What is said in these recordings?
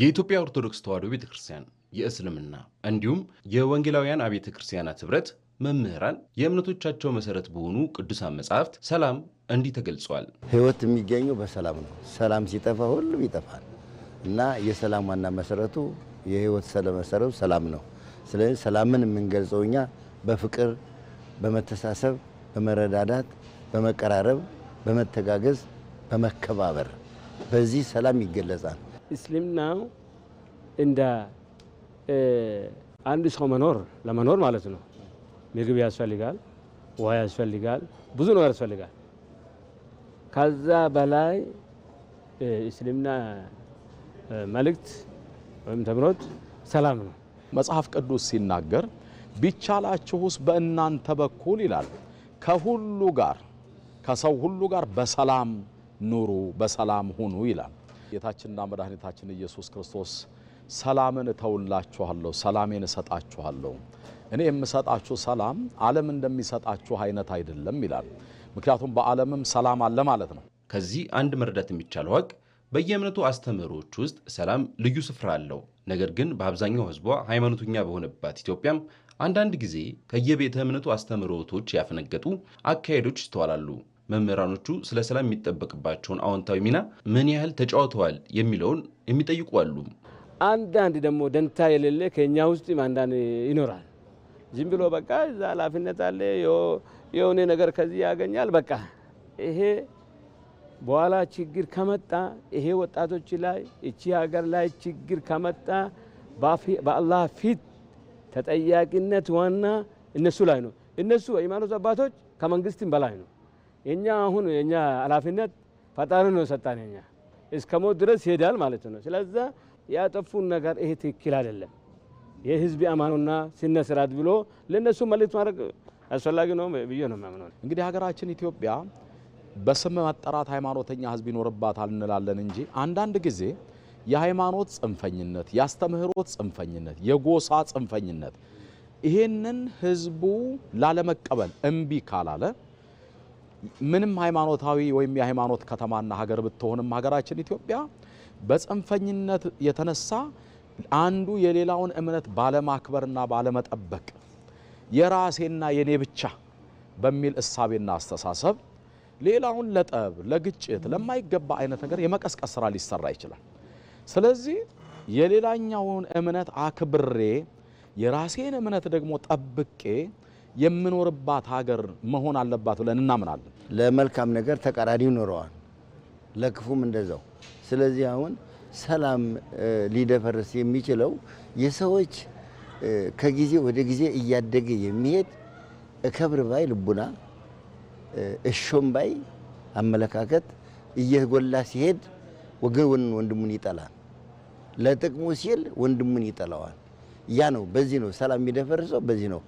የኢትዮጵያ ኦርቶዶክስ ተዋሕዶ ቤተ ክርስቲያን፣ የእስልምና እንዲሁም የወንጌላውያን አብያተ ክርስቲያናት ኅብረት መምህራን የእምነቶቻቸው መሠረት በሆኑ ቅዱሳን መጻሕፍት ሰላም እንዲህ ተገልጿል። ሕይወት የሚገኘው በሰላም ነው። ሰላም ሲጠፋ ሁሉም ይጠፋል እና የሰላም ዋና መሠረቱ የሕይወት መሰረቱ ሰላም ነው። ስለዚህ ሰላምን የምንገልጸው እኛ በፍቅር፣ በመተሳሰብ፣ በመረዳዳት፣ በመቀራረብ፣ በመተጋገዝ፣ በመከባበር በዚህ ሰላም ይገለጻል። እስልምና እንደ አንድ ሰው መኖር ለመኖር ማለት ነው። ምግብ ያስፈልጋል፣ ውሃ ያስፈልጋል፣ ብዙ ነገር ያስፈልጋል። ከዛ በላይ እስልምና መልእክት ወይም ተምሮት ሰላም ነው። መጽሐፍ ቅዱስ ሲናገር ቢቻላችሁስ በእናንተ በኩል ይላል ከሁሉ ጋር ከሰው ሁሉ ጋር በሰላም ኑሩ በሰላም ሁኑ ይላል። ጌታችንና መድኃኒታችን ኢየሱስ ክርስቶስ ሰላምን እተውላችኋለሁ፣ ሰላሜን እሰጣችኋለሁ፣ እኔ የምሰጣችሁ ሰላም ዓለም እንደሚሰጣችሁ አይነት አይደለም ይላል። ምክንያቱም በዓለምም ሰላም አለ ማለት ነው። ከዚህ አንድ መረዳት የሚቻለው ወቅ በየእምነቱ አስተምህሮች ውስጥ ሰላም ልዩ ስፍራ አለው። ነገር ግን በአብዛኛው ሕዝቧ ሃይማኖተኛ በሆነባት ኢትዮጵያም አንዳንድ ጊዜ ከየቤተ እምነቱ አስተምህሮቶች ያፈነገጡ አካሄዶች ይስተዋላሉ። መምህራኖቹ ስለ ሰላም የሚጠበቅባቸውን አዎንታዊ ሚና ምን ያህል ተጫውተዋል የሚለውን የሚጠይቁ አሉ። አንዳንድ ደግሞ ደንታ የሌለ ከኛ ውስጥም አንዳንድ ይኖራል። ዝም ብሎ በቃ እዛ ኃላፊነት አለ የሆነ ነገር ከዚህ ያገኛል በቃ ይሄ በኋላ ችግር ከመጣ ይሄ ወጣቶች ላይ እቺ ሀገር ላይ ችግር ከመጣ በአላህ ፊት ተጠያቂነት ዋና እነሱ ላይ ነው። እነሱ ሃይማኖት አባቶች ከመንግስትም በላይ ነው። የኛ አሁን የኛ ኃላፊነት ፈጣሪ ነው የሰጣን የኛ እስከ ሞት ድረስ ይሄዳል ማለት ነው። ስለዛ ያጠፉን ነገር ይሄ ትክክል አይደለም። የህዝብ አማኑና ሲነስራት ብሎ ለነሱ መልእክት ማድረግ አስፈላጊ ነው ብዬ ነው የማምነው። እንግዲህ ሀገራችን ኢትዮጵያ በስም መጠራት ሃይማኖተኛ ህዝብ ይኖርባታል እንላለን እንጂ አንዳንድ ጊዜ የሃይማኖት ጽንፈኝነት፣ የአስተምህሮት ጽንፈኝነት፣ የጎሳ ጽንፈኝነት ይሄንን ህዝቡ ላለመቀበል እምቢ ካላለ ምንም ሃይማኖታዊ ወይም የሃይማኖት ከተማና ሀገር ብትሆንም ሀገራችን ኢትዮጵያ በጽንፈኝነት የተነሳ አንዱ የሌላውን እምነት ባለማክበርና ባለመጠበቅ የራሴና የኔ ብቻ በሚል እሳቤና አስተሳሰብ ሌላውን ለጠብ፣ ለግጭት፣ ለማይገባ አይነት ነገር የመቀስቀስ ስራ ሊሰራ ይችላል። ስለዚህ የሌላኛውን እምነት አክብሬ የራሴን እምነት ደግሞ ጠብቄ የምኖርባት ሀገር መሆን አለባት ብለን እናምናለን። ለመልካም ነገር ተቃራኒ ይኖረዋል፣ ለክፉም እንደዛው። ስለዚህ አሁን ሰላም ሊደፈርስ የሚችለው የሰዎች ከጊዜ ወደ ጊዜ እያደገ የሚሄድ እከብር ባይ ልቡና፣ እሾም ባይ አመለካከት እየጎላ ሲሄድ ወገን ወንድሙን ይጠላል። ለጥቅሙ ሲል ወንድሙን ይጠላዋል። ያ ነው። በዚህ ነው ሰላም የሚደፈርሰው፣ በዚህ ነው።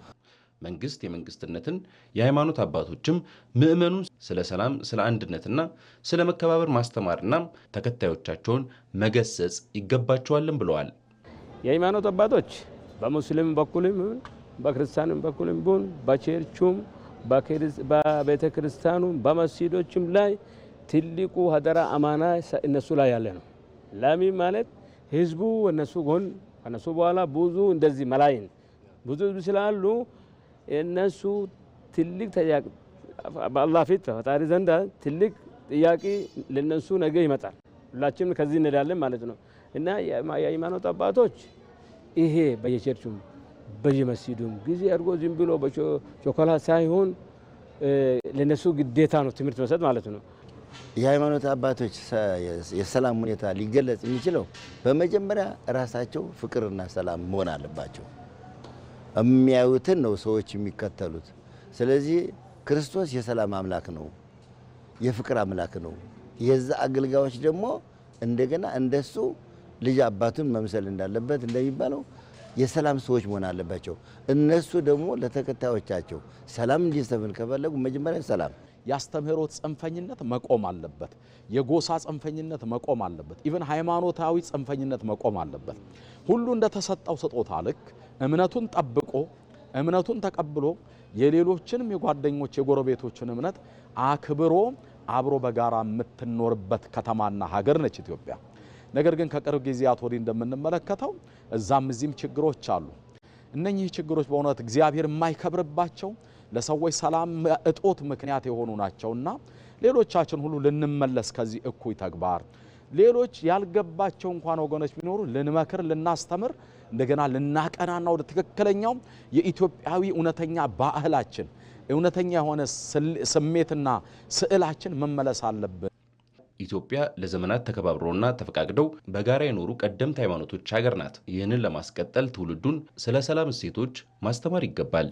መንግስት የመንግስትነትን የሃይማኖት አባቶችም ምዕመኑን ስለ ሰላም፣ ስለ አንድነትና ስለ መከባበር ማስተማርና ተከታዮቻቸውን መገሰጽ ይገባቸዋልን ብለዋል። የሃይማኖት አባቶች በሙስሊም በኩልም በክርስቲያንም በኩልም ቢሆን በቸርቹም በቤተ ክርስቲያኑም በመስጊዶችም ላይ ትልቁ ሀደራ አማና እነሱ ላይ ያለ ነው። ለምን ማለት ህዝቡ እነሱ ጎን ከነሱ በኋላ ብዙ እንደዚህ መላይን ብዙ ህዝብ ስላሉ እነሱ ትልቅ በአላህ ፊት በፈጣሪ ዘንዳ ትልቅ ጥያቄ ለነሱ ነገ ይመጣል። ሁላችንም ከዚህ እንሄዳለን ማለት ነው እና የሃይማኖት አባቶች ይሄ በየቸርቹም በየመስጂዱም ጊዜ አድርጎ ዝም ብሎ በቾኮላት ሳይሆን ለነሱ ግዴታ ነው ትምህርት መስጠት ማለት ነው። የሃይማኖት አባቶች የሰላም ሁኔታ ሊገለጽ የሚችለው በመጀመሪያ ራሳቸው ፍቅርና ሰላም መሆን አለባቸው። የሚያዩትን ነው ሰዎች የሚከተሉት። ስለዚህ ክርስቶስ የሰላም አምላክ ነው፣ የፍቅር አምላክ ነው። የዛ አገልጋዮች ደግሞ እንደገና እንደሱ ልጅ አባቱን መምሰል እንዳለበት እንደሚባለው የሰላም ሰዎች መሆን አለባቸው። እነሱ ደግሞ ለተከታዮቻቸው ሰላም እንዲሰፍን ከፈለጉ መጀመሪያ ሰላም የአስተምህሮት ጽንፈኝነት መቆም አለበት። የጎሳ ጽንፈኝነት መቆም አለበት። ኢቨን ሃይማኖታዊ ጽንፈኝነት መቆም አለበት። ሁሉ እንደተሰጠው ስጦታ ልክ እምነቱን ጠብቆ እምነቱን ተቀብሎ የሌሎችንም የጓደኞች የጎረቤቶችን እምነት አክብሮ አብሮ በጋራ የምትኖርበት ከተማና ሀገር ነች ኢትዮጵያ። ነገር ግን ከቅርብ ጊዜያት ወዲህ እንደምንመለከተው እዛም እዚህም ችግሮች አሉ። እነኚህ ችግሮች በእውነት እግዚአብሔር የማይከብርባቸው ለሰዎች ሰላም እጦት ምክንያት የሆኑ ናቸውና ሌሎቻችን ሁሉ ልንመለስ ከዚህ እኩይ ተግባር ሌሎች ያልገባቸው እንኳን ወገኖች ቢኖሩ ልንመክር፣ ልናስተምር፣ እንደገና ልናቀናና ወደ ትክክለኛው የኢትዮጵያዊ እውነተኛ ባህላችን እውነተኛ የሆነ ስሜትና ስዕላችን መመለስ አለብን። ኢትዮጵያ ለዘመናት ተከባብሮና ተፈቃቅደው በጋራ የኖሩ ቀደምት ሃይማኖቶች ሀገር ናት። ይህንን ለማስቀጠል ትውልዱን ስለ ሰላም እሴቶች ማስተማር ይገባል።